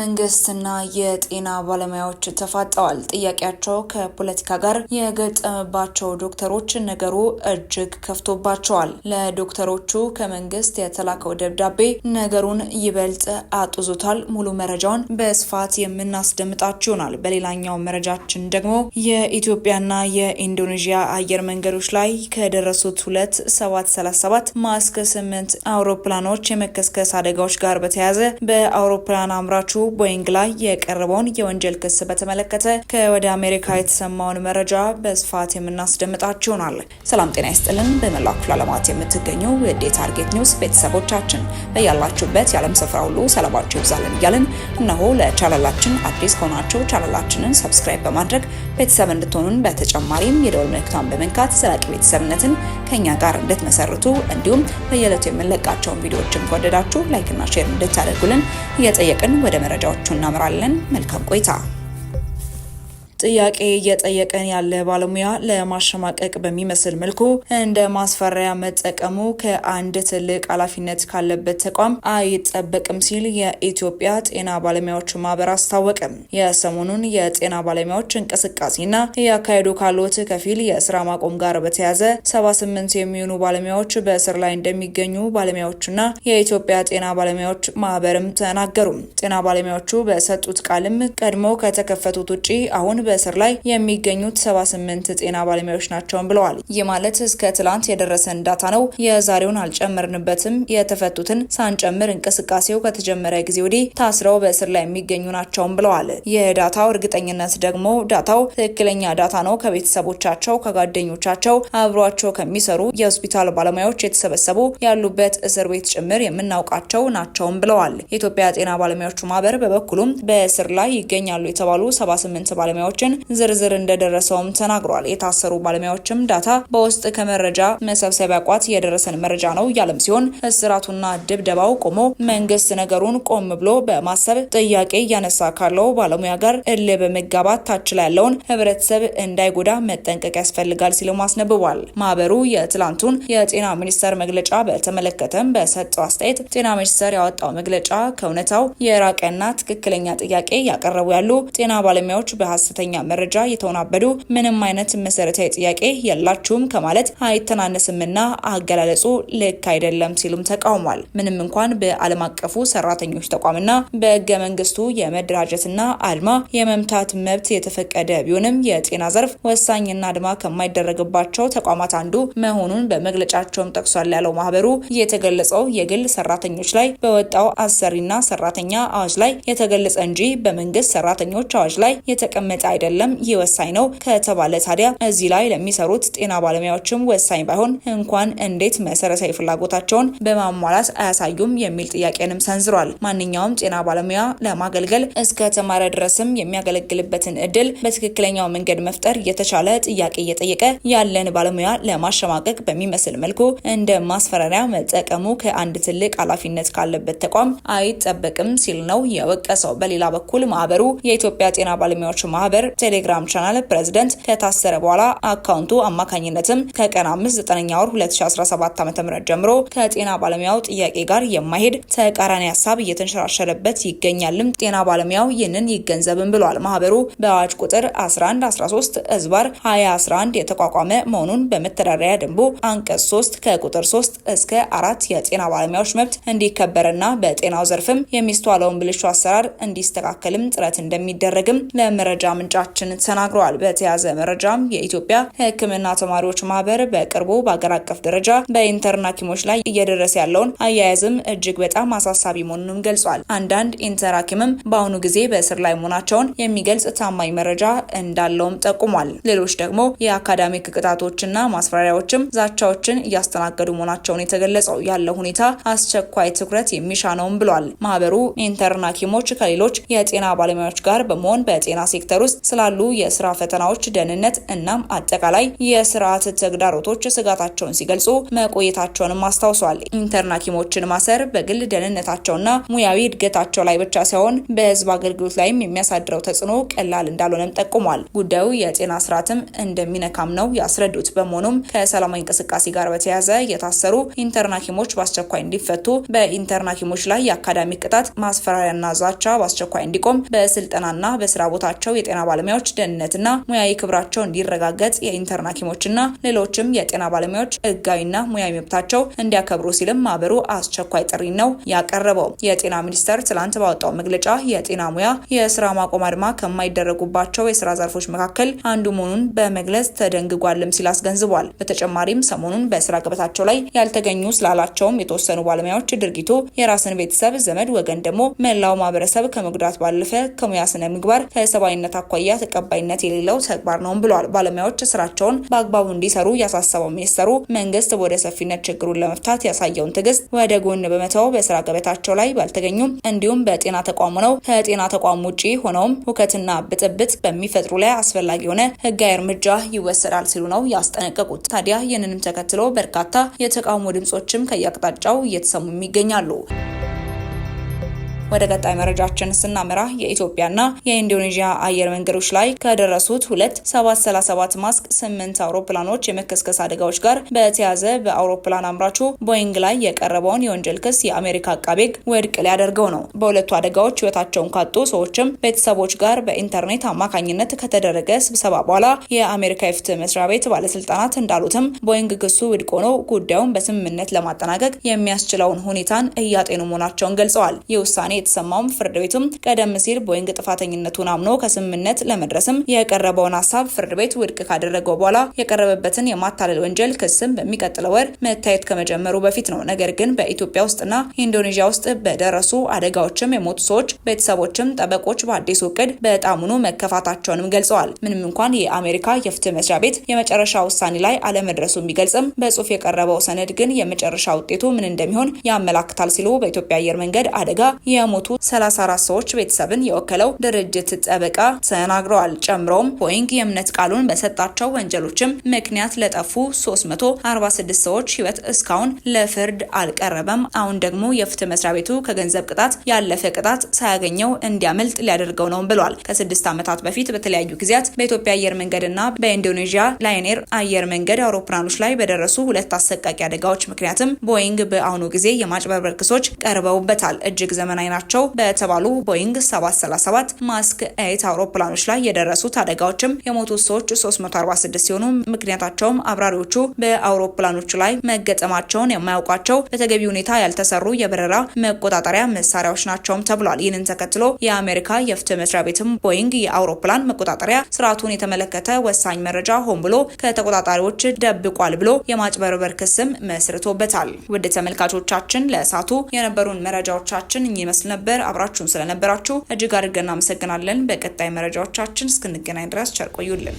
መንግስትና የጤና ባለሙያዎች ተፋጠዋል። ጥያቄያቸው ከፖለቲካ ጋር የገጠመባቸው ዶክተሮች ነገሩ እጅግ ከፍቶባቸዋል። ለዶክተሮቹ ከመንግስት የተላከው ደብዳቤ ነገሩን ይበልጥ አጡዞታል። ሙሉ መረጃውን በስፋት የምናስደምጣችሁ ይሆናል። በሌላኛው መረጃችን ደግሞ የኢትዮጵያና የኢንዶኔዥያ አየር መንገዶች ላይ ከደረሱት ሁለት 737 ማስክ ስምንት አውሮፕላኖች የመከስከስ አደጋዎች ጋር በተያያዘ በአውሮፕላን አምራቹ ቦይንግ ላይ የቀረበውን የወንጀል ክስ በተመለከተ ከወደ አሜሪካ የተሰማውን መረጃ በስፋት የምናስደምጣችሁ ይሆናል። ሰላም ጤና ይስጥልን። በመላው ክፍለ ዓለማት የምትገኙ የዴ ታርጌት ኒውስ ቤተሰቦቻችን በያላችሁበት የዓለም ስፍራ ሁሉ ሰላማችሁ ይብዛልን እያልን እነሆ ለቻናላችን አዲስ ከሆናችሁ ቻናላችንን ሰብስክራይብ በማድረግ ቤተሰብ እንድትሆኑን በተጨማሪም የደወል ምልክቷን በመንካት ዘላቂ ቤተሰብነትን ከኛ ጋር እንድትመሰርቱ እንዲሁም በየዕለቱ የምንለቃቸውን ቪዲዮዎችን ከወደዳችሁ ላይክና ሼር እንድታደርጉልን እየጠየቅን ወደ መረጃዎቹ እናምራለን። መልካም ቆይታ ጥያቄ እየጠየቀን ያለ ባለሙያ ለማሸማቀቅ በሚመስል መልኩ እንደ ማስፈራሪያ መጠቀሙ ከአንድ ትልቅ ኃላፊነት ካለበት ተቋም አይጠበቅም ሲል የኢትዮጵያ ጤና ባለሙያዎች ማህበር አስታወቀም። የሰሞኑን የጤና ባለሙያዎች እንቅስቃሴና እያካሄዱ ካሉት ከፊል የስራ ማቆም ጋር በተያያዘ 78 የሚሆኑ ባለሙያዎች በእስር ላይ እንደሚገኙ ባለሙያዎቹና የኢትዮጵያ ጤና ባለሙያዎች ማህበርም ተናገሩ። ጤና ባለሙያዎቹ በሰጡት ቃልም ቀድሞ ከተከፈቱት ውጪ አሁን በእስር ላይ የሚገኙት 78 ጤና ባለሙያዎች ናቸውም ብለዋል። ይህ ማለት እስከ ትላንት የደረሰን ዳታ ነው። የዛሬውን አልጨመርንበትም። የተፈቱትን ሳንጨምር እንቅስቃሴው ከተጀመረ ጊዜ ወዲህ ታስረው በእስር ላይ የሚገኙ ናቸውም ብለዋል። ይህ ዳታው እርግጠኝነት ደግሞ ዳታው ትክክለኛ ዳታ ነው። ከቤተሰቦቻቸው፣ ከጓደኞቻቸው፣ አብሯቸው ከሚሰሩ የሆስፒታል ባለሙያዎች የተሰበሰቡ ያሉበት እስር ቤት ጭምር የምናውቃቸው ናቸውም ብለዋል። የኢትዮጵያ ጤና ባለሙያዎቹ ማህበር በበኩሉም በእስር ላይ ይገኛሉ የተባሉ 78 ባለሙያዎች መረጃዎችን ዝርዝር እንደደረሰውም ተናግሯል። የታሰሩ ባለሙያዎችም ዳታ በውስጥ ከመረጃ መሰብሰቢያ ቋት የደረሰን መረጃ ነው ያለም ሲሆን እስራቱና ድብደባው ቆሞ መንግስት ነገሩን ቆም ብሎ በማሰብ ጥያቄ እያነሳ ካለው ባለሙያ ጋር እልህ በመጋባት ታች ላይ ያለውን ህብረተሰብ እንዳይጎዳ መጠንቀቅ ያስፈልጋል ሲልም አስነብቧል። ማህበሩ የትላንቱን የጤና ሚኒስቴር መግለጫ በተመለከተም በሰጠው አስተያየት ጤና ሚኒስቴር ያወጣው መግለጫ ከእውነታው የራቀና ትክክለኛ ጥያቄ ያቀረቡ ያሉ ጤና ባለሙያዎች በሀሰተኛ ሐሰተኛ መረጃ የተወናበዱ ምንም አይነት መሰረታዊ ጥያቄ የላችሁም ከማለት አይተናነስምና አገላለጹ ልክ አይደለም ሲሉም ተቃውሟል። ምንም እንኳን በዓለም አቀፉ ሰራተኞች ተቋምና በህገ መንግስቱ የመደራጀትና አድማ የመምታት መብት የተፈቀደ ቢሆንም የጤና ዘርፍ ወሳኝና አድማ ከማይደረግባቸው ተቋማት አንዱ መሆኑን በመግለጫቸውም ጠቅሷል ያለው ማህበሩ የተገለጸው የግል ሰራተኞች ላይ በወጣው አሰሪና ሰራተኛ አዋጅ ላይ የተገለጸ እንጂ በመንግስት ሰራተኞች አዋጅ ላይ የተቀመጠ አይደለም፣ ይህ ወሳኝ ነው ከተባለ ታዲያ እዚህ ላይ ለሚሰሩት ጤና ባለሙያዎችም ወሳኝ ባይሆን እንኳን እንዴት መሰረታዊ ፍላጎታቸውን በማሟላት አያሳዩም የሚል ጥያቄንም ሰንዝሯል። ማንኛውም ጤና ባለሙያ ለማገልገል እስከ ተማረ ድረስም የሚያገለግልበትን እድል በትክክለኛው መንገድ መፍጠር የተቻለ ጥያቄ እየጠየቀ ያለን ባለሙያ ለማሸማቀቅ በሚመስል መልኩ እንደ ማስፈራሪያ መጠቀሙ ከአንድ ትልቅ ኃላፊነት ካለበት ተቋም አይጠበቅም ሲል ነው የወቀሰው። በሌላ በኩል ማህበሩ የኢትዮጵያ ጤና ባለሙያዎች ማህበር ማህበር ቴሌግራም ቻናል ፕሬዝደንት ከታሰረ በኋላ አካውንቱ አማካኝነትም ከቀን 5 9 ወር 2017 ዓ.ም ጀምሮ ከጤና ባለሙያው ጥያቄ ጋር የማይሄድ ተቃራኒ ሀሳብ እየተንሸራሸረበት ይገኛልም። ጤና ባለሙያው ይህንን ይገንዘብም ብሏል። ማህበሩ በአዋጅ ቁጥር 1113 እዝባር 2011 የተቋቋመ መሆኑን በመተዳደሪያ ደንቡ አንቀጽ 3 ከቁጥር 3 እስከ አራት የጤና ባለሙያዎች መብት እንዲከበርና በጤናው ዘርፍም የሚስተዋለውን ብልሹ አሰራር እንዲስተካከልም ጥረት እንደሚደረግም ለመረጃ ምንጭ ምንጫችንን ተናግረዋል። በተያዘ መረጃም የኢትዮጵያ ሕክምና ተማሪዎች ማህበር በቅርቡ በአገር አቀፍ ደረጃ በኢንተርን ሐኪሞች ላይ እየደረሰ ያለውን አያያዝም እጅግ በጣም አሳሳቢ መሆኑንም ገልጿል። አንዳንድ ኢንተር ሐኪምም በአሁኑ ጊዜ በእስር ላይ መሆናቸውን የሚገልጽ ታማኝ መረጃ እንዳለውም ጠቁሟል። ሌሎች ደግሞ የአካዳሚክ ቅጣቶችና ማስፈራሪያዎችም ዛቻዎችን እያስተናገዱ መሆናቸውን የተገለጸው ያለው ሁኔታ አስቸኳይ ትኩረት የሚሻ ነውም ብሏል። ማህበሩ ኢንተርን ሐኪሞች ከሌሎች የጤና ባለሙያዎች ጋር በመሆን በጤና ሴክተር ውስጥ ስላሉ የስራ ፈተናዎች ደህንነት፣ እናም አጠቃላይ የስርዓት ተግዳሮቶች ስጋታቸውን ሲገልጹ መቆየታቸውንም አስታውሷል። ኢንተርን ሐኪሞችን ማሰር በግል ደህንነታቸውና ሙያዊ እድገታቸው ላይ ብቻ ሳይሆን በህዝብ አገልግሎት ላይም የሚያሳድረው ተጽዕኖ ቀላል እንዳልሆነም ጠቁሟል። ጉዳዩ የጤና ስርዓትም እንደሚነካም ነው ያስረዱት። በመሆኑም ከሰላማዊ እንቅስቃሴ ጋር በተያያዘ የታሰሩ ኢንተርን ሐኪሞች በአስቸኳይ እንዲፈቱ፣ በኢንተርን ሐኪሞች ላይ የአካዳሚ ቅጣት ማስፈራሪያና ዛቻ በአስቸኳይ እንዲቆም፣ በስልጠናና በስራ ቦታቸው የጤና ባለሙያዎች ደህንነትና ሙያዊ ክብራቸው እንዲረጋገጥ የኢንተርን ሐኪሞችና ሌሎችም የጤና ባለሙያዎች ህጋዊና ሙያዊ መብታቸው እንዲያከብሩ ሲልም ማህበሩ አስቸኳይ ጥሪ ነው ያቀረበው። የጤና ሚኒስቴር ትላንት ባወጣው መግለጫ የጤና ሙያ የስራ ማቆም አድማ ከማይደረጉባቸው የስራ ዘርፎች መካከል አንዱ መሆኑን በመግለጽ ተደንግጓልም ሲል አስገንዝቧል። በተጨማሪም ሰሞኑን በስራ ገበታቸው ላይ ያልተገኙ ስላላቸውም የተወሰኑ ባለሙያዎች ድርጊቱ የራስን ቤተሰብ፣ ዘመድ፣ ወገን ደግሞ መላው ማህበረሰብ ከመጉዳት ባለፈ ከሙያ ስነ ምግባር ከሰብአዊነት አኳ አኳያ ተቀባይነት የሌለው ተግባር ነው ብሏል። ባለሙያዎች ስራቸውን በአግባቡ እንዲሰሩ ያሳሰበው ሚኒስተሩ መንግስት ወደ ሰፊነት ችግሩን ለመፍታት ያሳየውን ትዕግስት ወደ ጎን በመተው በስራ ገበታቸው ላይ ባልተገኙም እንዲሁም በጤና ተቋሙ ነው ከጤና ተቋም ውጪ ሆነውም ሁከትና ብጥብጥ በሚፈጥሩ ላይ አስፈላጊ የሆነ ህጋዊ እርምጃ ይወሰዳል ሲሉ ነው ያስጠነቀቁት። ታዲያ ይህንንም ተከትሎ በርካታ የተቃውሞ ድምጾችም ከየአቅጣጫው እየተሰሙ ይገኛሉ። ወደ ቀጣይ መረጃችን ስናመራ የኢትዮጵያና የኢንዶኔዥያ አየር መንገዶች ላይ ከደረሱት ሁለት 737 ማስክ ስምንት አውሮፕላኖች የመከስከስ አደጋዎች ጋር በተያዘ በአውሮፕላን አምራቹ ቦይንግ ላይ የቀረበውን የወንጀል ክስ የአሜሪካ አቃቤ ሕግ ውድቅ ሊያደርገው ነው። በሁለቱ አደጋዎች ህይወታቸውን ካጡ ሰዎችም ቤተሰቦች ጋር በኢንተርኔት አማካኝነት ከተደረገ ስብሰባ በኋላ የአሜሪካ የፍትህ መስሪያ ቤት ባለስልጣናት እንዳሉትም ቦይንግ ክሱ ውድቅ ሆኖ ጉዳዩን በስምምነት ለማጠናቀቅ የሚያስችለውን ሁኔታን እያጤኑ መሆናቸውን ገልጸዋል። ይህ ውሳኔ የተሰማውም ፍርድ ቤቱም ቀደም ሲል ቦይንግ ጥፋተኝነቱን አምኖ ከስምምነት ለመድረስም የቀረበውን ሀሳብ ፍርድ ቤት ውድቅ ካደረገው በኋላ የቀረበበትን የማታለል ወንጀል ክስም በሚቀጥለው ወር መታየት ከመጀመሩ በፊት ነው። ነገር ግን በኢትዮጵያ ውስጥና ኢንዶኔዥያ ውስጥ በደረሱ አደጋዎችም የሞቱ ሰዎች ቤተሰቦችም ጠበቆች በአዲሱ እቅድ በጣሙኑ መከፋታቸውንም ገልጸዋል። ምንም እንኳን የአሜሪካ የፍትህ መስሪያ ቤት የመጨረሻ ውሳኔ ላይ አለመድረሱ ቢገልጽም በጽሁፍ የቀረበው ሰነድ ግን የመጨረሻ ውጤቱ ምን እንደሚሆን ያመላክታል ሲሉ በኢትዮጵያ አየር መንገድ አደጋ ከሞቱ 34 ሰዎች ቤተሰብን የወከለው ድርጅት ጠበቃ ተናግረዋል። ጨምሮም ቦይንግ የእምነት ቃሉን በሰጣቸው ወንጀሎችም ምክንያት ለጠፉ 346 ሰዎች ሕይወት እስካሁን ለፍርድ አልቀረበም። አሁን ደግሞ የፍትህ መስሪያ ቤቱ ከገንዘብ ቅጣት ያለፈ ቅጣት ሳያገኘው እንዲያመልጥ ሊያደርገው ነው ብሏል። ከስድስት ዓመታት በፊት በተለያዩ ጊዜያት በኢትዮጵያ አየር መንገድና በኢንዶኔዥያ ላይኔር አየር መንገድ አውሮፕላኖች ላይ በደረሱ ሁለት አሰቃቂ አደጋዎች ምክንያትም ቦይንግ በአሁኑ ጊዜ የማጭበርበር ክሶች ቀርበውበታል። እጅግ ዘመናዊ ናቸው በተባሉ ቦይንግ 737 ማስክ ኤይት አውሮፕላኖች ላይ የደረሱት አደጋዎችም የሞቱት ሰዎች 346 ሲሆኑ ምክንያታቸውም አብራሪዎቹ በአውሮፕላኖቹ ላይ መገጠማቸውን የማያውቋቸው በተገቢ ሁኔታ ያልተሰሩ የበረራ መቆጣጠሪያ መሳሪያዎች ናቸውም ተብሏል። ይህንን ተከትሎ የአሜሪካ የፍትህ መስሪያ ቤትም ቦይንግ የአውሮፕላን መቆጣጠሪያ ስርዓቱን የተመለከተ ወሳኝ መረጃ ሆን ብሎ ከተቆጣጣሪዎች ደብቋል ብሎ የማጭበርበር ክስም መስርቶበታል። ውድ ተመልካቾቻችን ለእሳቱ የነበሩን መረጃዎቻችን እኚህ ይመስል ነበር። አብራችሁን ስለነበራችሁ እጅግ አድርገን እናመሰግናለን። በቀጣይ መረጃዎቻችን እስክንገናኝ ድረስ ቸር ቆዩልን።